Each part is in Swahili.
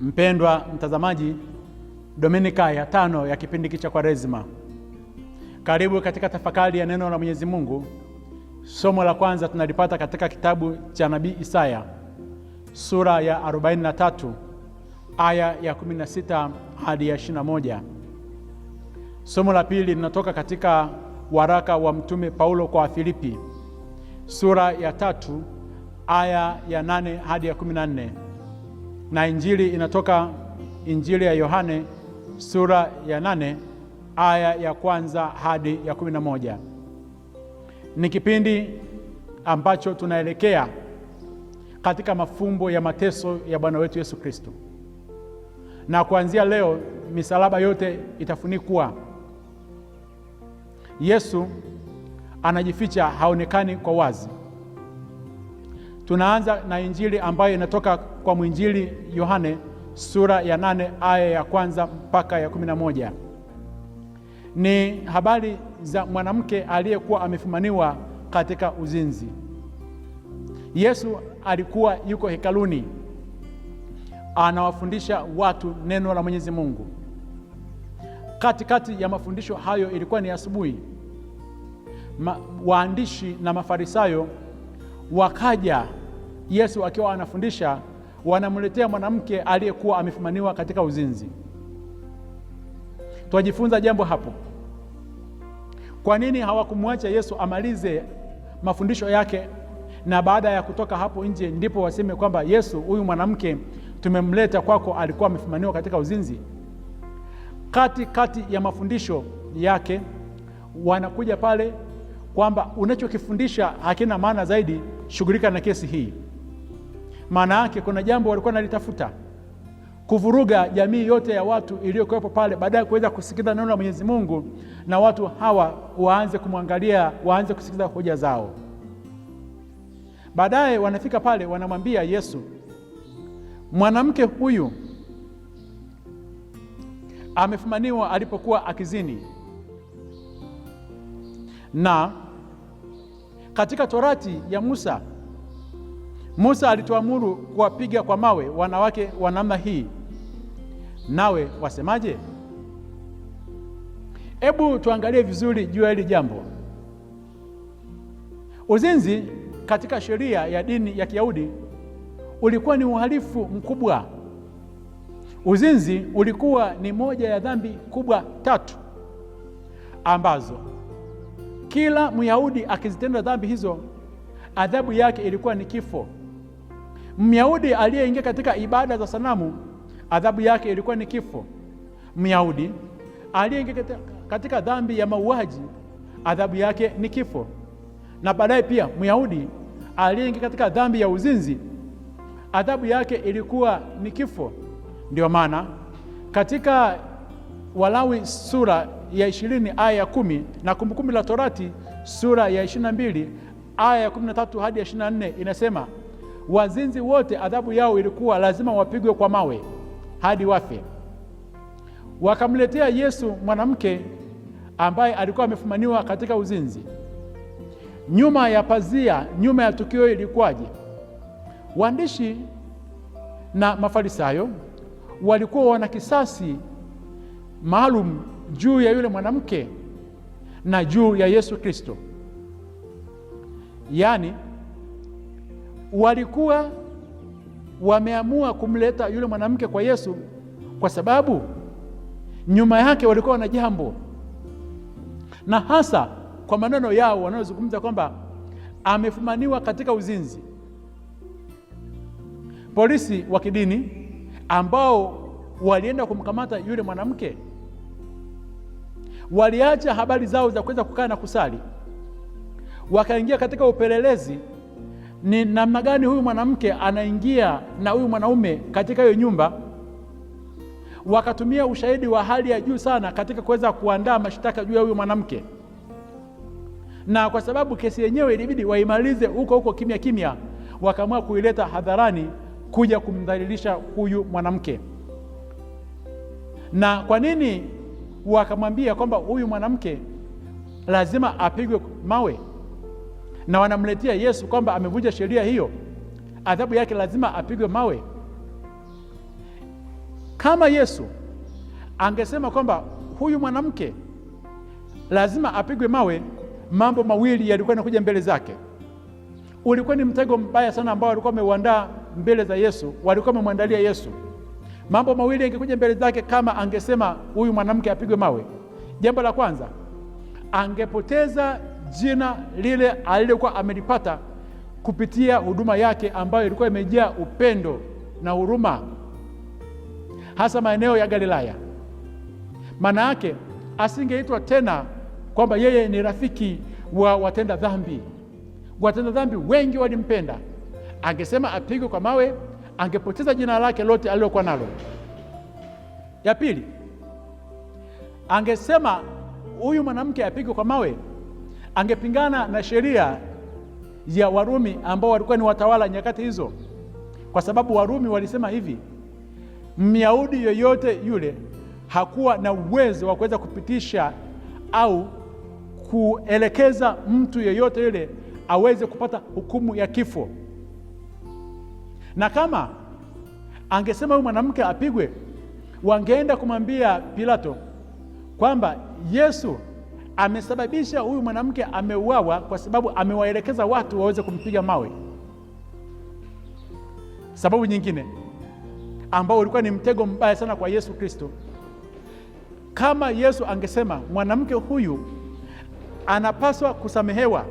Mpendwa mtazamaji, Dominika ya tano ya kipindi kicha cha Kwaresima, karibu katika tafakari ya neno la Mwenyezi Mungu. Somo la kwanza tunalipata katika kitabu cha nabii Isaya sura ya 43 aya ya 16 hadi ya 21. Somo la pili linatoka katika waraka wa mtume Paulo kwa Filipi sura ya tatu aya ya 8 hadi ya 14 na injili inatoka Injili ya Yohane sura ya nane aya ya kwanza hadi ya kumi na moja. Ni kipindi ambacho tunaelekea katika mafumbo ya mateso ya Bwana wetu Yesu Kristo, na kuanzia leo misalaba yote itafunikwa. Yesu anajificha, haonekani kwa wazi. Tunaanza na injili ambayo inatoka kwa mwinjili Yohane sura ya nane aya ya kwanza mpaka ya kumi na moja. Ni habari za mwanamke aliyekuwa amefumaniwa katika uzinzi. Yesu alikuwa yuko hekaluni anawafundisha watu neno la Mwenyezi Mungu. Katikati ya mafundisho hayo, ilikuwa ni asubuhi, waandishi na Mafarisayo wakaja Yesu akiwa anafundisha, wanamletea mwanamke aliyekuwa amefumaniwa katika uzinzi. Twajifunza jambo hapo. Kwa nini hawakumwacha Yesu amalize mafundisho yake, na baada ya kutoka hapo nje ndipo waseme kwamba Yesu, huyu mwanamke tumemleta kwako, alikuwa amefumaniwa katika uzinzi? Kati kati ya mafundisho yake wanakuja pale kwamba unachokifundisha hakina maana zaidi, shughulika na kesi hii. Maana yake kuna jambo walikuwa nalitafuta kuvuruga jamii yote ya watu iliyokuwepo pale, baadaye kuweza kusikiliza neno la Mwenyezi Mungu na watu hawa waanze kumwangalia, waanze kusikiliza hoja zao. Baadaye wanafika pale, wanamwambia Yesu, mwanamke huyu amefumaniwa alipokuwa akizini, na katika torati ya Musa Musa alituamuru kuwapiga kwa mawe wanawake wa namna hii, nawe wasemaje? Hebu tuangalie vizuri juu ya hili jambo. Uzinzi katika sheria ya dini ya Kiyahudi ulikuwa ni uhalifu mkubwa. Uzinzi ulikuwa ni moja ya dhambi kubwa tatu ambazo kila Myahudi akizitenda dhambi hizo adhabu yake ilikuwa ni kifo. Myahudi aliyeingia katika ibada za sanamu adhabu yake ilikuwa ni kifo. Myahudi aliyeingia katika dhambi ya mauaji adhabu yake ni kifo, na baadaye pia Myahudi aliyeingia katika dhambi ya uzinzi adhabu yake ilikuwa ni kifo. Ndio maana katika Walawi sura ya ishirini aya ya kumi na Kumbukumbu la Torati sura ya ishirini na mbili aya ya kumi na tatu hadi ya ishirini na nne inasema Wazinzi wote adhabu yao ilikuwa lazima wapigwe kwa mawe hadi wafe. Wakamletea Yesu mwanamke ambaye alikuwa amefumaniwa katika uzinzi. Nyuma ya pazia, nyuma ya tukio ilikuwaje? Waandishi na Mafarisayo walikuwa wana kisasi maalum juu ya yule mwanamke na juu ya Yesu Kristo, yaani walikuwa wameamua kumleta yule mwanamke kwa Yesu kwa sababu nyuma yake walikuwa na jambo, na hasa kwa maneno yao wanayozungumza kwamba amefumaniwa katika uzinzi. Polisi wa kidini ambao walienda kumkamata yule mwanamke waliacha habari zao za kuweza kukaa na kusali, wakaingia katika upelelezi ni namna gani huyu mwanamke anaingia na huyu mwanaume katika hiyo nyumba. Wakatumia ushahidi wa hali ya juu sana katika kuweza kuandaa mashtaka juu ya huyu mwanamke, na kwa sababu kesi yenyewe ilibidi waimalize huko huko kimya kimya, wakaamua kuileta hadharani kuja kumdhalilisha huyu mwanamke. Na kwa nini wakamwambia kwamba huyu mwanamke lazima apigwe mawe? na wanamletea Yesu kwamba amevunja sheria hiyo, adhabu yake lazima apigwe mawe. Kama Yesu angesema kwamba huyu mwanamke lazima apigwe mawe, mambo mawili yalikuwa yanakuja mbele zake. Ulikuwa ni mtego mbaya sana ambao walikuwa wameuandaa mbele za Yesu, walikuwa wamemwandalia Yesu. Mambo mawili yangekuja mbele zake kama angesema huyu mwanamke apigwe mawe. Jambo la kwanza, angepoteza jina lile alilokuwa amelipata kupitia huduma yake ambayo ilikuwa imejaa upendo na huruma, hasa maeneo ya Galilaya. Maana yake asingeitwa tena kwamba yeye ni rafiki wa watenda dhambi. Watenda dhambi wengi walimpenda, angesema apigwe kwa mawe, angepoteza jina lake lote alilokuwa nalo. Ya pili, angesema huyu mwanamke apigwe kwa mawe angepingana na sheria ya Warumi ambao walikuwa ni watawala nyakati hizo, kwa sababu Warumi walisema hivi, Myahudi yoyote yule hakuwa na uwezo wa kuweza kupitisha au kuelekeza mtu yeyote yule aweze kupata hukumu ya kifo, na kama angesema huyu mwanamke apigwe, wangeenda kumwambia Pilato kwamba Yesu amesababisha huyu mwanamke ameuawa kwa sababu amewaelekeza watu waweze kumpiga mawe. Sababu nyingine ambao ulikuwa ni mtego mbaya sana kwa Yesu Kristo, kama Yesu angesema mwanamke huyu anapaswa kusamehewa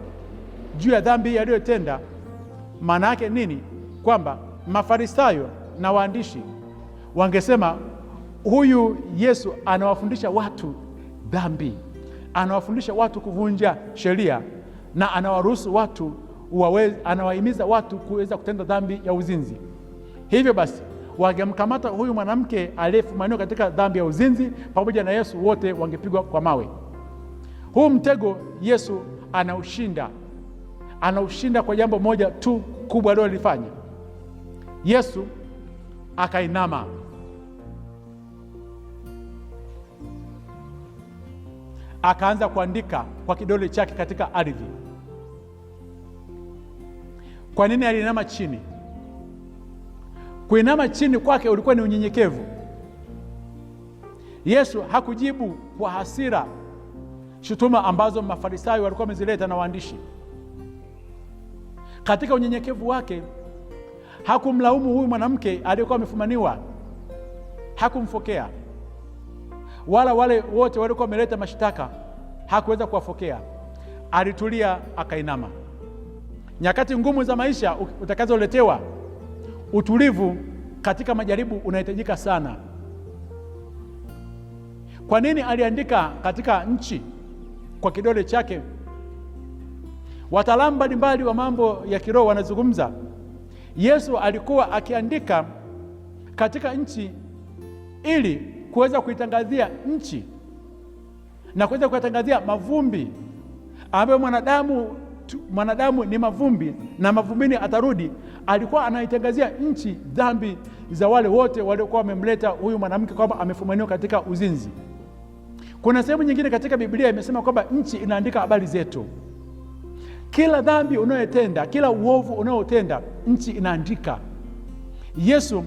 juu ya dhambi aliyotenda, maana yake nini? Kwamba Mafarisayo na waandishi wangesema huyu Yesu anawafundisha watu dhambi anawafundisha watu kuvunja sheria na anawaruhusu watu uwawe, anawahimiza watu kuweza kutenda dhambi ya uzinzi. Hivyo basi wangemkamata huyu mwanamke aliyefumaniwa katika dhambi ya uzinzi pamoja na Yesu, wote wangepigwa kwa mawe. Huu mtego Yesu anaushinda, anaushinda kwa jambo moja tu kubwa alilolifanya Yesu, akainama. akaanza kuandika kwa kidole chake katika ardhi. Kwa nini aliinama chini? Kuinama chini kwake ulikuwa ni unyenyekevu. Yesu hakujibu kwa hasira shutuma ambazo Mafarisayo walikuwa wamezileta na waandishi. Katika unyenyekevu wake hakumlaumu huyu mwanamke aliyekuwa amefumaniwa, hakumfokea wala wale wote waliokuwa wameleta mashtaka hakuweza kuwafokea. Alitulia akainama. Nyakati ngumu za maisha utakazoletewa, utulivu katika majaribu unahitajika sana. Kwa nini aliandika katika nchi kwa kidole chake? Wataalamu mbalimbali wa mambo ya kiroho wanazungumza, Yesu alikuwa akiandika katika nchi ili kuweza kuitangazia nchi na kuweza kuyatangazia mavumbi ambayo mwanadamu mwanadamu ni mavumbi na mavumbini atarudi. Alikuwa anaitangazia nchi dhambi za wale wote waliokuwa wamemleta huyu mwanamke kwamba amefumaniwa katika uzinzi. Kuna sehemu nyingine katika Biblia imesema kwamba nchi inaandika habari zetu. Kila dhambi unayotenda, kila uovu unaotenda, nchi inaandika. Yesu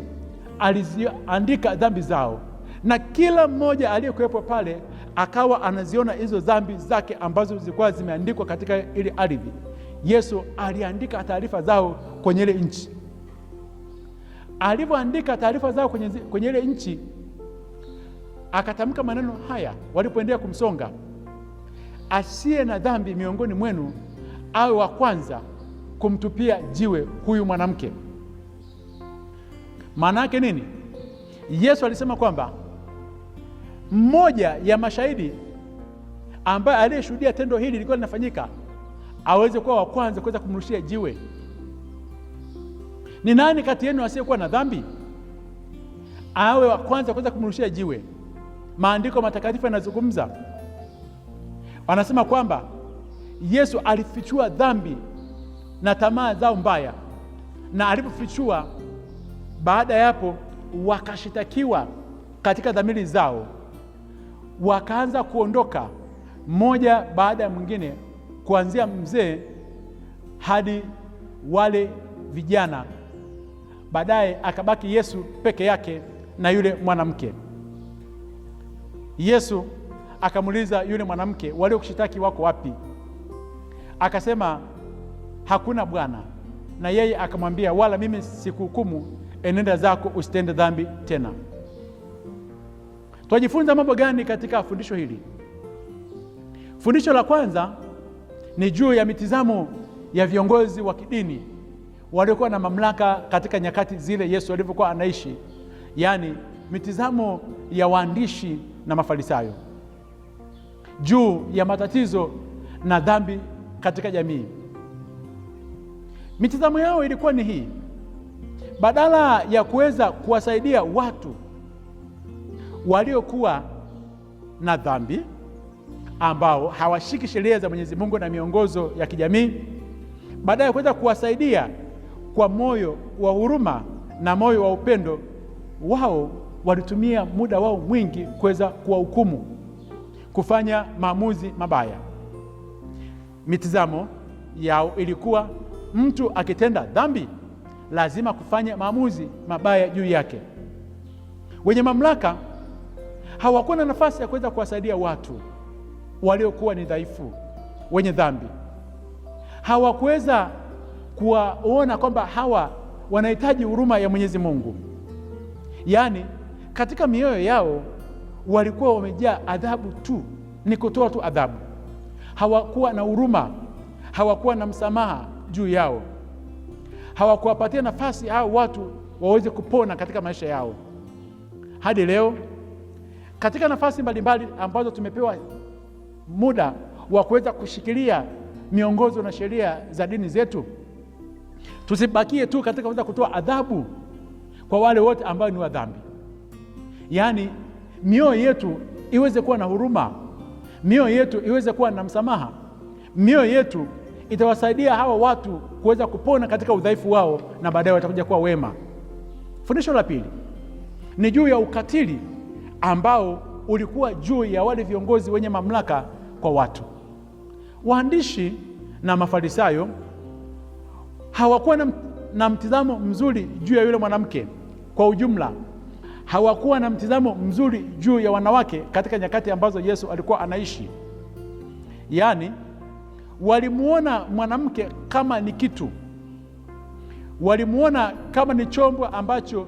aliziandika dhambi zao na kila mmoja aliyekuwepo pale akawa anaziona hizo dhambi zake ambazo zilikuwa zimeandikwa katika ile ardhi. Yesu aliandika taarifa zao kwenye ile nchi. Alivyoandika taarifa zao kwenye, kwenye ile nchi akatamka maneno haya walipoendelea kumsonga, asiye na dhambi miongoni mwenu awe wa kwanza kumtupia jiwe huyu mwanamke. Maana yake nini? Yesu alisema kwamba mmoja ya mashahidi ambaye aliyeshuhudia tendo hili lilikuwa linafanyika aweze kuwa wa kwanza kuweza kumrushia jiwe. Ni nani kati yenu asiyekuwa na dhambi awe wa kwanza kuweza kumrushia jiwe? Maandiko matakatifu yanazungumza, wanasema kwamba Yesu alifichua dhambi na tamaa zao mbaya, na alipofichua, baada ya hapo wakashitakiwa katika dhamiri zao wakaanza kuondoka mmoja baada ya mwingine, kuanzia mzee hadi wale vijana. Baadaye akabaki Yesu peke yake na yule mwanamke. Yesu akamuuliza yule mwanamke, kushitaki wako wapi? Akasema, hakuna Bwana. Na yeye akamwambia, wala mimi sikuhukumu, enenda zako usitende dhambi tena. Twajifunza mambo gani katika fundisho hili? Fundisho la kwanza ni juu ya mitizamo ya viongozi wa kidini waliokuwa na mamlaka katika nyakati zile Yesu alivyokuwa anaishi, yaani mitizamo ya waandishi na Mafarisayo juu ya matatizo na dhambi katika jamii. Mitizamo yao ilikuwa ni hii: badala ya kuweza kuwasaidia watu waliokuwa na dhambi ambao hawashiki sheria za Mwenyezi Mungu na miongozo ya kijamii, baada ya kuweza kuwasaidia kwa moyo wa huruma na moyo wa upendo, wao walitumia muda wao mwingi kuweza kuwahukumu, kufanya maamuzi mabaya. Mitizamo yao ilikuwa mtu akitenda dhambi lazima kufanya maamuzi mabaya juu yake. Wenye mamlaka hawakuwa na nafasi ya kuweza kuwasaidia watu waliokuwa ni dhaifu, wenye dhambi. Hawakuweza kuwaona kwamba hawa wanahitaji huruma ya Mwenyezi Mungu. Yaani, katika mioyo yao walikuwa wamejaa adhabu tu, ni kutoa tu adhabu. Hawakuwa na huruma, hawakuwa na msamaha juu yao, hawakuwapatia nafasi hao watu waweze kupona katika maisha yao. Hadi leo katika nafasi mbalimbali ambazo tumepewa muda wa kuweza kushikilia miongozo na sheria za dini zetu, tusibakie tu katika kuweza kutoa adhabu kwa wale wote ambao ni wadhambi. Yaani mioyo yetu iweze kuwa na huruma, mioyo yetu iweze kuwa na msamaha, mioyo yetu itawasaidia hawa watu kuweza kupona katika udhaifu wao na baadaye watakuja kuwa wema. Fundisho la pili ni juu ya ukatili ambao ulikuwa juu ya wale viongozi wenye mamlaka kwa watu. Waandishi na Mafarisayo hawakuwa na mtizamo mzuri juu ya yule mwanamke kwa ujumla. Hawakuwa na mtizamo mzuri juu ya wanawake katika nyakati ambazo Yesu alikuwa anaishi. Yaani, walimuona mwanamke kama ni kitu, walimuona kama ni chombo ambacho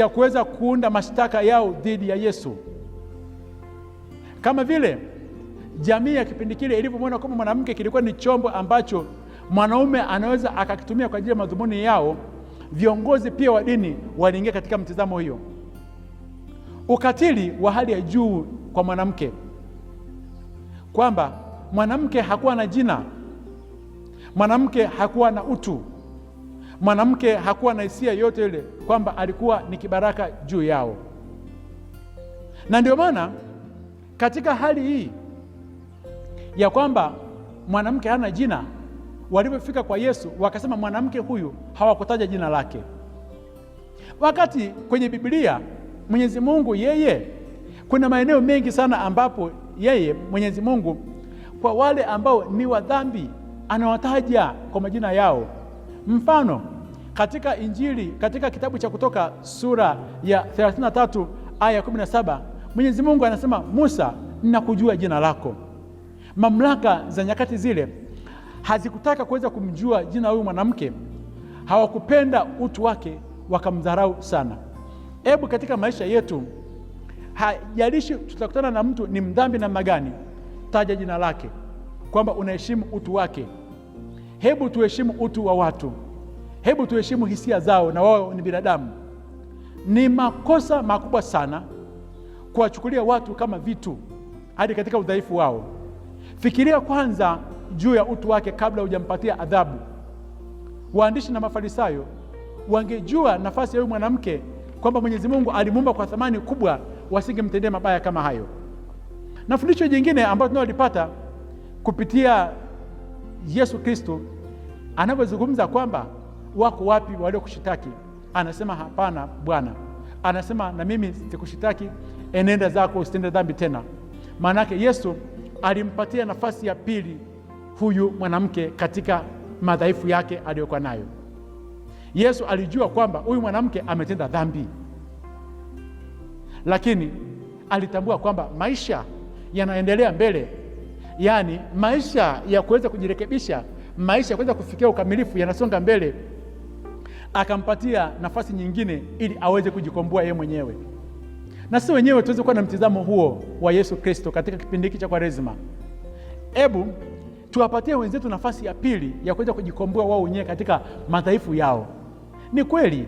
ya kuweza kuunda mashtaka yao dhidi ya Yesu, kama vile jamii ya kipindi kile ilivyomwona kwamba mwanamke kilikuwa ni chombo ambacho mwanaume anaweza akakitumia kwa ajili ya madhumuni yao. Viongozi pia wa dini waliingia katika mtizamo hiyo, ukatili wa hali ya juu kwa mwanamke, kwamba mwanamke hakuwa na jina, mwanamke hakuwa na utu mwanamke hakuwa na hisia yote ile kwamba alikuwa ni kibaraka juu yao, na ndio maana katika hali hii ya kwamba mwanamke hana jina, walipofika kwa Yesu wakasema mwanamke huyu, hawakutaja jina lake, wakati kwenye Biblia Mwenyezi Mungu yeye, kuna maeneo mengi sana ambapo yeye Mwenyezi Mungu kwa wale ambao ni wa dhambi anawataja kwa majina yao. Mfano katika Injili, katika kitabu cha Kutoka sura ya 33 aya 17, Mwenyezi Mungu anasema, Musa, ninakujua jina lako. Mamlaka za nyakati zile hazikutaka kuweza kumjua jina huyu mwanamke, hawakupenda utu wake, wakamdharau sana. Hebu katika maisha yetu, hajalishi tutakutana na mtu ni mdhambi namna gani, taja jina lake, kwamba unaheshimu utu wake. Hebu tuheshimu utu wa watu, hebu tuheshimu hisia zao, na wao ni binadamu. Ni makosa makubwa sana kuwachukulia watu kama vitu hadi katika udhaifu wao. Fikiria kwanza juu ya utu wake kabla hujampatia adhabu. Waandishi na Mafarisayo wangejua nafasi ya huyu mwanamke kwamba Mwenyezi Mungu alimuumba kwa thamani kubwa, wasingemtendea mabaya kama hayo. Na fundisho jingine ambayo tunalipata kupitia Yesu Kristo anavyozungumza kwamba wako wapi waliokushitaki, anasema hapana Bwana, anasema na mimi sikushitaki, enenda zako usitende dhambi tena. Maanake Yesu alimpatia nafasi ya pili huyu mwanamke katika madhaifu yake aliyokuwa nayo. Yesu alijua kwamba huyu mwanamke ametenda dhambi, lakini alitambua kwamba maisha yanaendelea mbele Yaani maisha ya kuweza kujirekebisha, maisha ya kuweza kufikia ukamilifu yanasonga mbele, akampatia nafasi nyingine ili aweze kujikomboa yeye mwenyewe. Na sisi wenyewe tuweze kuwa na mtizamo huo wa Yesu Kristo katika kipindi hiki cha Kwaresima. Hebu tuwapatie wenzetu nafasi ya pili ya kuweza kujikomboa wao wenyewe katika madhaifu yao. Ni kweli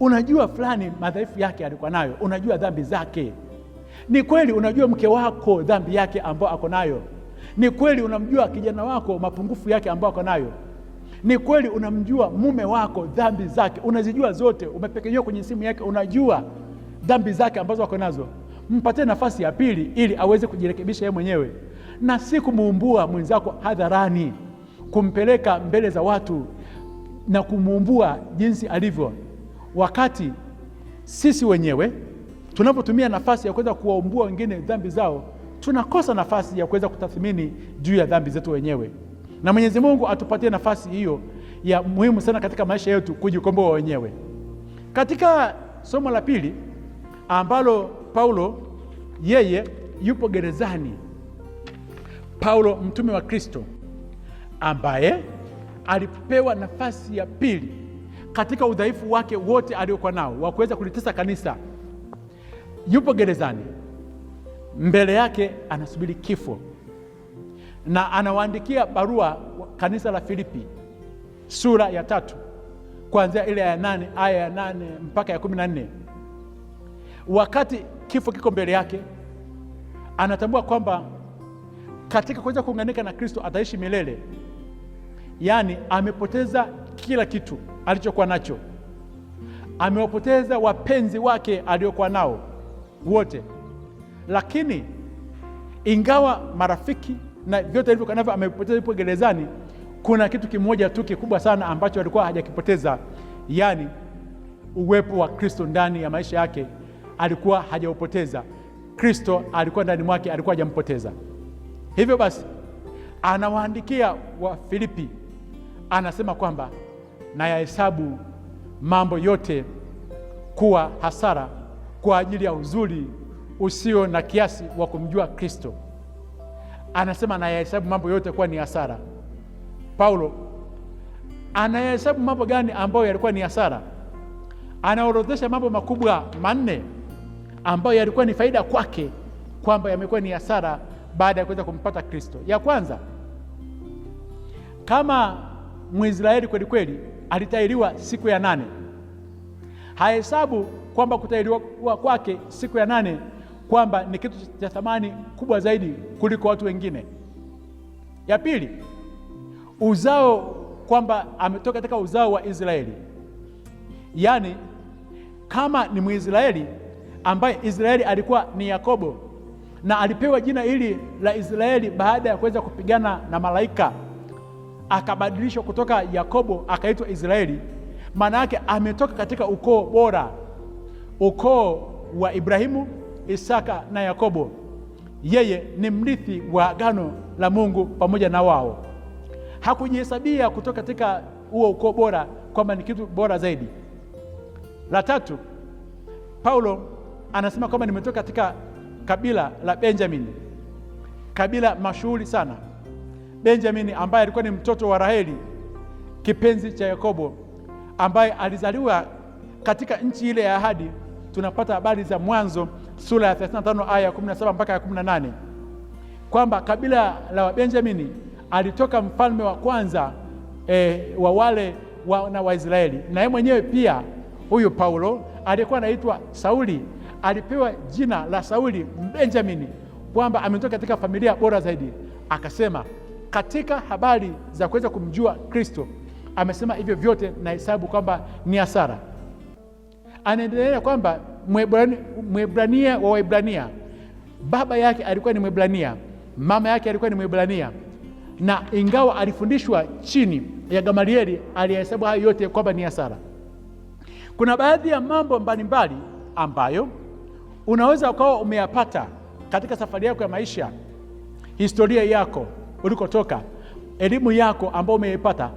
unajua fulani madhaifu yake alikuwa nayo, unajua dhambi zake. Ni kweli unajua mke wako dhambi yake ambayo ako nayo ni kweli unamjua kijana wako mapungufu yake ambayo ako nayo? Ni kweli unamjua mume wako dhambi zake, unazijua zote, umepekenywa kwenye simu yake, unajua dhambi zake ambazo wako nazo? Mpatie nafasi ya pili ili aweze kujirekebisha yeye mwenyewe, na si kumuumbua mwenzako hadharani, kumpeleka mbele za watu na kumuumbua jinsi alivyo, wakati sisi wenyewe tunapotumia nafasi ya kuweza kuwaumbua wengine dhambi zao tunakosa nafasi ya kuweza kutathmini juu ya dhambi zetu wenyewe, na Mwenyezi Mungu atupatie nafasi hiyo ya muhimu sana katika maisha yetu kujikomboa wenyewe. Katika somo la pili ambalo Paulo yeye yupo gerezani, Paulo mtume wa Kristo ambaye alipewa nafasi ya pili katika udhaifu wake wote aliokuwa nao wa kuweza kulitesa kanisa, yupo gerezani mbele yake anasubiri kifo, na anawaandikia barua kanisa la Filipi sura ya tatu kuanzia ile ya nane aya ya nane mpaka ya kumi na nne. Wakati kifo kiko mbele yake, anatambua kwamba katika kuweza kuunganika na Kristo ataishi milele. Yaani amepoteza kila kitu alichokuwa nacho, amewapoteza wapenzi wake aliokuwa nao wote lakini ingawa marafiki na vyote hivyo kanavyo amepoteza, ipo gerezani, kuna kitu kimoja tu kikubwa sana ambacho alikuwa hajakipoteza, yaani uwepo wa Kristo ndani ya maisha yake alikuwa hajaupoteza. Kristo alikuwa ndani mwake, alikuwa hajampoteza. Hivyo basi anawaandikia wa Filipi, anasema kwamba nayahesabu mambo yote kuwa hasara kwa ajili ya uzuri usio na kiasi wa kumjua Kristo. Anasema anayahesabu mambo yote kuwa ni hasara. Paulo anayahesabu mambo gani ambayo yalikuwa ni hasara? Anaorodhesha mambo makubwa manne ambayo yalikuwa ni faida kwake kwamba yamekuwa ni hasara baada ya kuweza kumpata Kristo. Ya kwanza, kama Mwisraeli kweli kweli alitahiriwa siku ya nane, hahesabu kwamba kutahiriwa kwake siku ya nane kwamba ni kitu cha thamani kubwa zaidi kuliko watu wengine. Ya pili, uzao kwamba ametoka katika uzao wa Israeli, yaani kama ni Mwisraeli ambaye Israeli alikuwa ni Yakobo na alipewa jina hili la Israeli baada ya kuweza kupigana na malaika akabadilishwa kutoka Yakobo akaitwa Israeli. Maana yake ametoka katika ukoo bora, ukoo wa Ibrahimu Isaka na Yakobo. Yeye ni mrithi wa agano la Mungu pamoja na wao. Hakujihesabia kutoka katika huo ukoo bora kwamba ni kitu bora zaidi. La tatu, Paulo anasema kwamba nimetoka katika kabila la Benjamini, kabila mashuhuri sana. Benjamini ambaye alikuwa ni mtoto wa Raheli, kipenzi cha Yakobo, ambaye alizaliwa katika nchi ile ya ahadi. Tunapata habari za mwanzo sura ya 35 aya ya 17 mpaka ya 18 kwamba kabila la Wabenjamini alitoka mfalme wa kwanza e, wa wale wa, na Waisraeli. Na yeye mwenyewe pia huyu Paulo alikuwa anaitwa Sauli, alipewa jina la Sauli Mbenjamini, kwamba ametoka katika familia bora zaidi. Akasema katika habari za kuweza kumjua Kristo, amesema hivyo vyote nahesabu kwamba ni hasara. Anaendelea kwamba Mwebrania wa Waebrania. Baba yake alikuwa ni Mwebrania, mama yake alikuwa ni Mwebrania, na ingawa alifundishwa chini ya Gamalieli, aliyahesabu hayo yote kwamba ni hasara. Kuna baadhi ya mambo mbalimbali ambayo unaweza ukawa umeyapata katika safari yako ya maisha, historia yako, ulikotoka, elimu yako ambayo umeipata,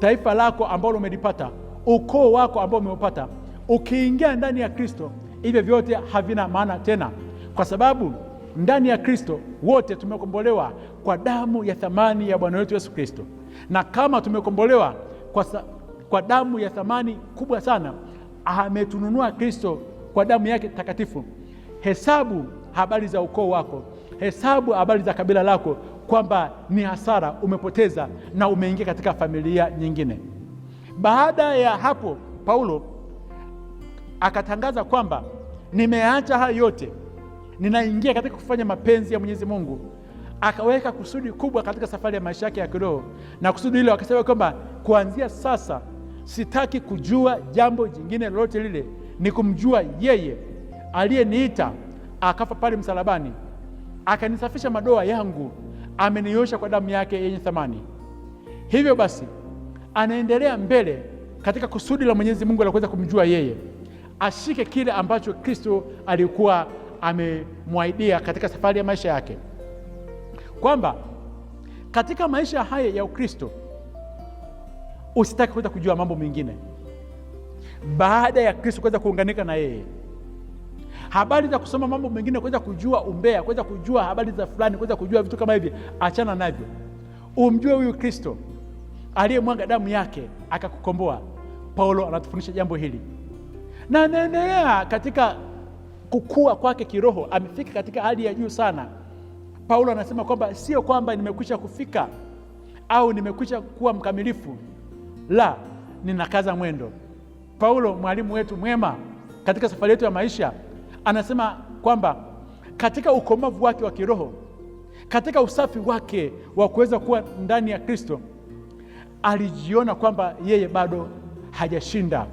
taifa lako ambalo umelipata, ukoo wako ambao umeupata Ukiingia ndani ya Kristo, hivyo vyote havina maana tena, kwa sababu ndani ya Kristo wote tumekombolewa kwa damu ya thamani ya Bwana wetu Yesu Kristo. Na kama tumekombolewa kwa, kwa damu ya thamani kubwa sana, ametununua Kristo kwa damu yake takatifu. Hesabu habari za ukoo wako, hesabu habari za kabila lako, kwamba ni hasara, umepoteza na umeingia katika familia nyingine. Baada ya hapo Paulo akatangaza kwamba nimeacha hayo yote, ninaingia katika kufanya mapenzi ya Mwenyezi Mungu. Akaweka kusudi kubwa katika safari ya maisha yake ya kiroho, na kusudi hilo akasema kwamba kuanzia sasa sitaki kujua jambo jingine lolote lile, ni kumjua yeye aliyeniita akafa pale msalabani, akanisafisha madoa yangu, ameniosha kwa damu yake yenye thamani. Hivyo basi, anaendelea mbele katika kusudi la Mwenyezi Mungu la kuweza kumjua yeye ashike kile ambacho Kristo alikuwa amemwahidia katika safari ya maisha yake, kwamba katika maisha haya ya Ukristo usitaki kuweza kujua mambo mengine baada ya Kristo kuweza kuunganika na yeye habari za kusoma mambo mengine, kuweza kujua umbea, kuweza kujua habari za fulani, kuweza kujua vitu kama hivi achana navyo. Umjue huyu Kristo aliyemwaga damu yake akakukomboa. Paulo anatufundisha jambo hili na anaendelea katika kukua kwake kiroho, amefika katika hali ya juu sana. Paulo anasema kwamba sio kwamba nimekwisha kufika au nimekwisha kuwa mkamilifu, la, ninakaza mwendo. Paulo mwalimu wetu mwema katika safari yetu ya maisha anasema kwamba katika ukomavu wake wa kiroho, katika usafi wake wa kuweza kuwa ndani ya Kristo, alijiona kwamba yeye bado hajashinda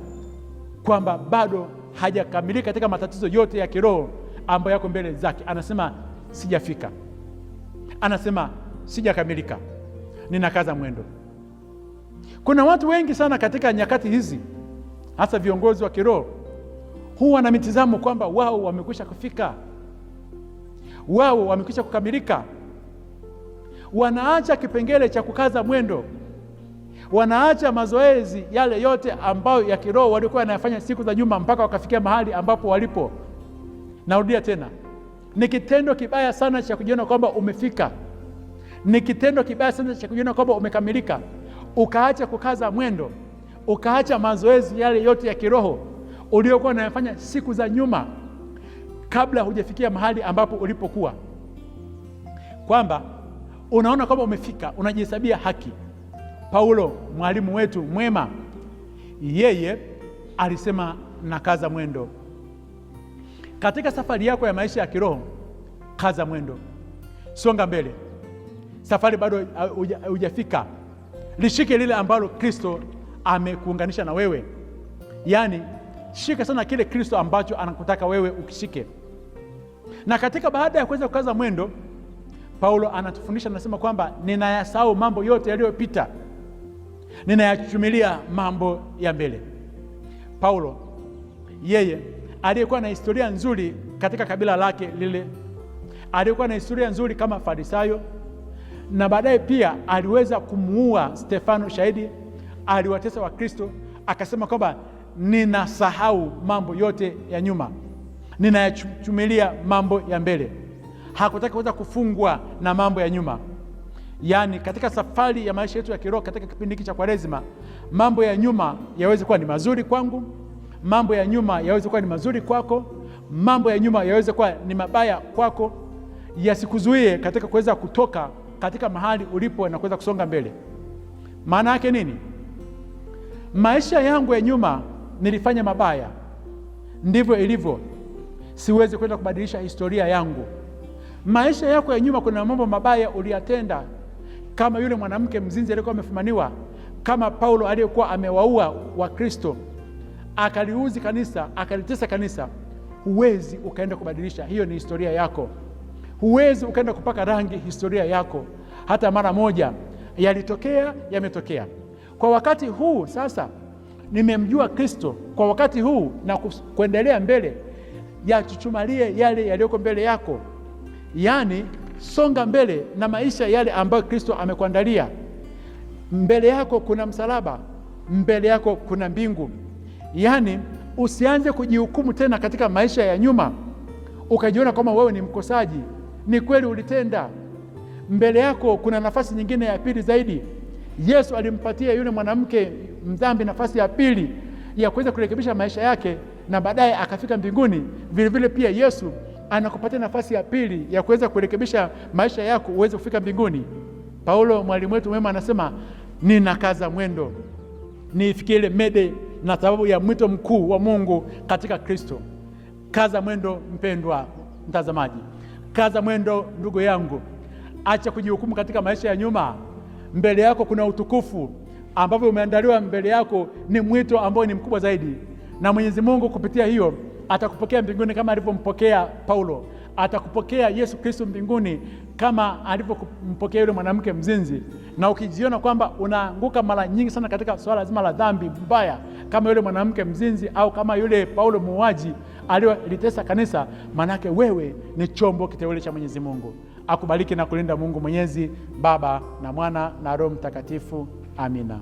kwamba bado hajakamilika katika matatizo yote ya kiroho ambayo yako mbele zake. Anasema sijafika, anasema sijakamilika, ninakaza mwendo. Kuna watu wengi sana katika nyakati hizi, hasa viongozi wa kiroho, huwa na mitizamo kwamba wao wamekwisha kufika, wao wamekwisha kukamilika, wanaacha kipengele cha kukaza mwendo wanaacha mazoezi yale yote ambayo ya kiroho walikuwa wanayafanya siku za nyuma mpaka wakafikia mahali ambapo walipo. Narudia tena, ni kitendo kibaya sana cha kujiona kwamba umefika. Ni kitendo kibaya sana cha kujiona kwamba umekamilika, ukaacha kukaza mwendo, ukaacha mazoezi yale yote ya kiroho uliokuwa unayafanya siku za nyuma kabla hujafikia mahali ambapo ulipokuwa, kwamba unaona kwamba umefika, unajihesabia haki Paulo mwalimu wetu mwema, yeye alisema na kaza mwendo. Katika safari yako ya maisha ya kiroho, kaza mwendo, songa mbele. Safari bado uh, hujafika. Lishike lile ambalo Kristo amekuunganisha na wewe, yaani shika sana kile Kristo ambacho anakutaka wewe ukishike. Na katika baada ya kuweza kukaza mwendo, Paulo anatufundisha anasema kwamba ninayasahau mambo yote yaliyopita ninayachumilia mambo ya mbele. Paulo yeye aliyekuwa na historia nzuri katika kabila lake lile, aliyekuwa na historia nzuri kama Farisayo, na baadaye pia aliweza kumuua Stefano shahidi, aliwatesa Wakristo, akasema kwamba ninasahau mambo yote ya nyuma, ninayachumilia mambo ya mbele. hakutaki kuweza kufungwa na mambo ya nyuma. Yaani, katika safari ya maisha yetu ya kiroho katika kipindi hiki cha Kwaresima, mambo ya nyuma yaweze kuwa ni mazuri kwangu, mambo ya nyuma yaweze kuwa ni mazuri kwako, mambo ya nyuma yaweze kuwa ni mabaya kwako, yasikuzuie katika kuweza kutoka katika mahali ulipo na kuweza kusonga mbele. Maana yake nini? Maisha yangu ya nyuma nilifanya mabaya, ndivyo ilivyo, siwezi kwenda kubadilisha historia yangu. Maisha yako ya nyuma, kuna mambo mabaya uliyatenda kama yule mwanamke mzinzi aliyekuwa amefumaniwa, kama Paulo aliyekuwa amewaua Wakristo akaliuzi kanisa akalitesa kanisa. Huwezi ukaenda kubadilisha, hiyo ni historia yako. Huwezi ukaenda kupaka rangi historia yako hata mara moja. Yalitokea, yametokea. Kwa wakati huu sasa nimemjua Kristo kwa wakati huu na kuendelea mbele, yachuchumalie yale yaliyoko mbele yako, yaani Songa mbele na maisha yale ambayo Kristo amekuandalia. Mbele yako kuna msalaba, mbele yako kuna mbingu. Yaani usianze kujihukumu tena katika maisha ya nyuma, ukajiona kama wewe ni mkosaji. Ni kweli ulitenda. Mbele yako kuna nafasi nyingine ya pili zaidi. Yesu alimpatia yule mwanamke mdhambi nafasi ya pili ya kuweza kurekebisha maisha yake na baadaye akafika mbinguni. Vilevile vile pia Yesu anakupatia nafasi ya pili ya kuweza kurekebisha maisha yako uweze kufika mbinguni. Paulo mwalimu wetu mwema anasema, ninakaza mwendo niifikie ile mede na sababu ya mwito mkuu wa Mungu katika Kristo. Kaza mwendo, mpendwa mtazamaji, kaza mwendo ndugu yangu, acha kujihukumu katika maisha ya nyuma. Mbele yako kuna utukufu ambavyo umeandaliwa mbele yako, ni mwito ambao ni mkubwa zaidi, na Mwenyezi Mungu kupitia hiyo atakupokea mbinguni kama alivyompokea Paulo, atakupokea Yesu Kristo mbinguni kama alivyompokea yule mwanamke mzinzi. Na ukijiona kwamba unaanguka mara nyingi sana katika swala zima la dhambi mbaya kama yule mwanamke mzinzi au kama yule Paulo muuaji aliyolitesa kanisa, manake wewe ni chombo kiteule cha Mwenyezi Mungu. Akubariki na kulinda Mungu Mwenyezi, Baba na Mwana na Roho Mtakatifu. Amina.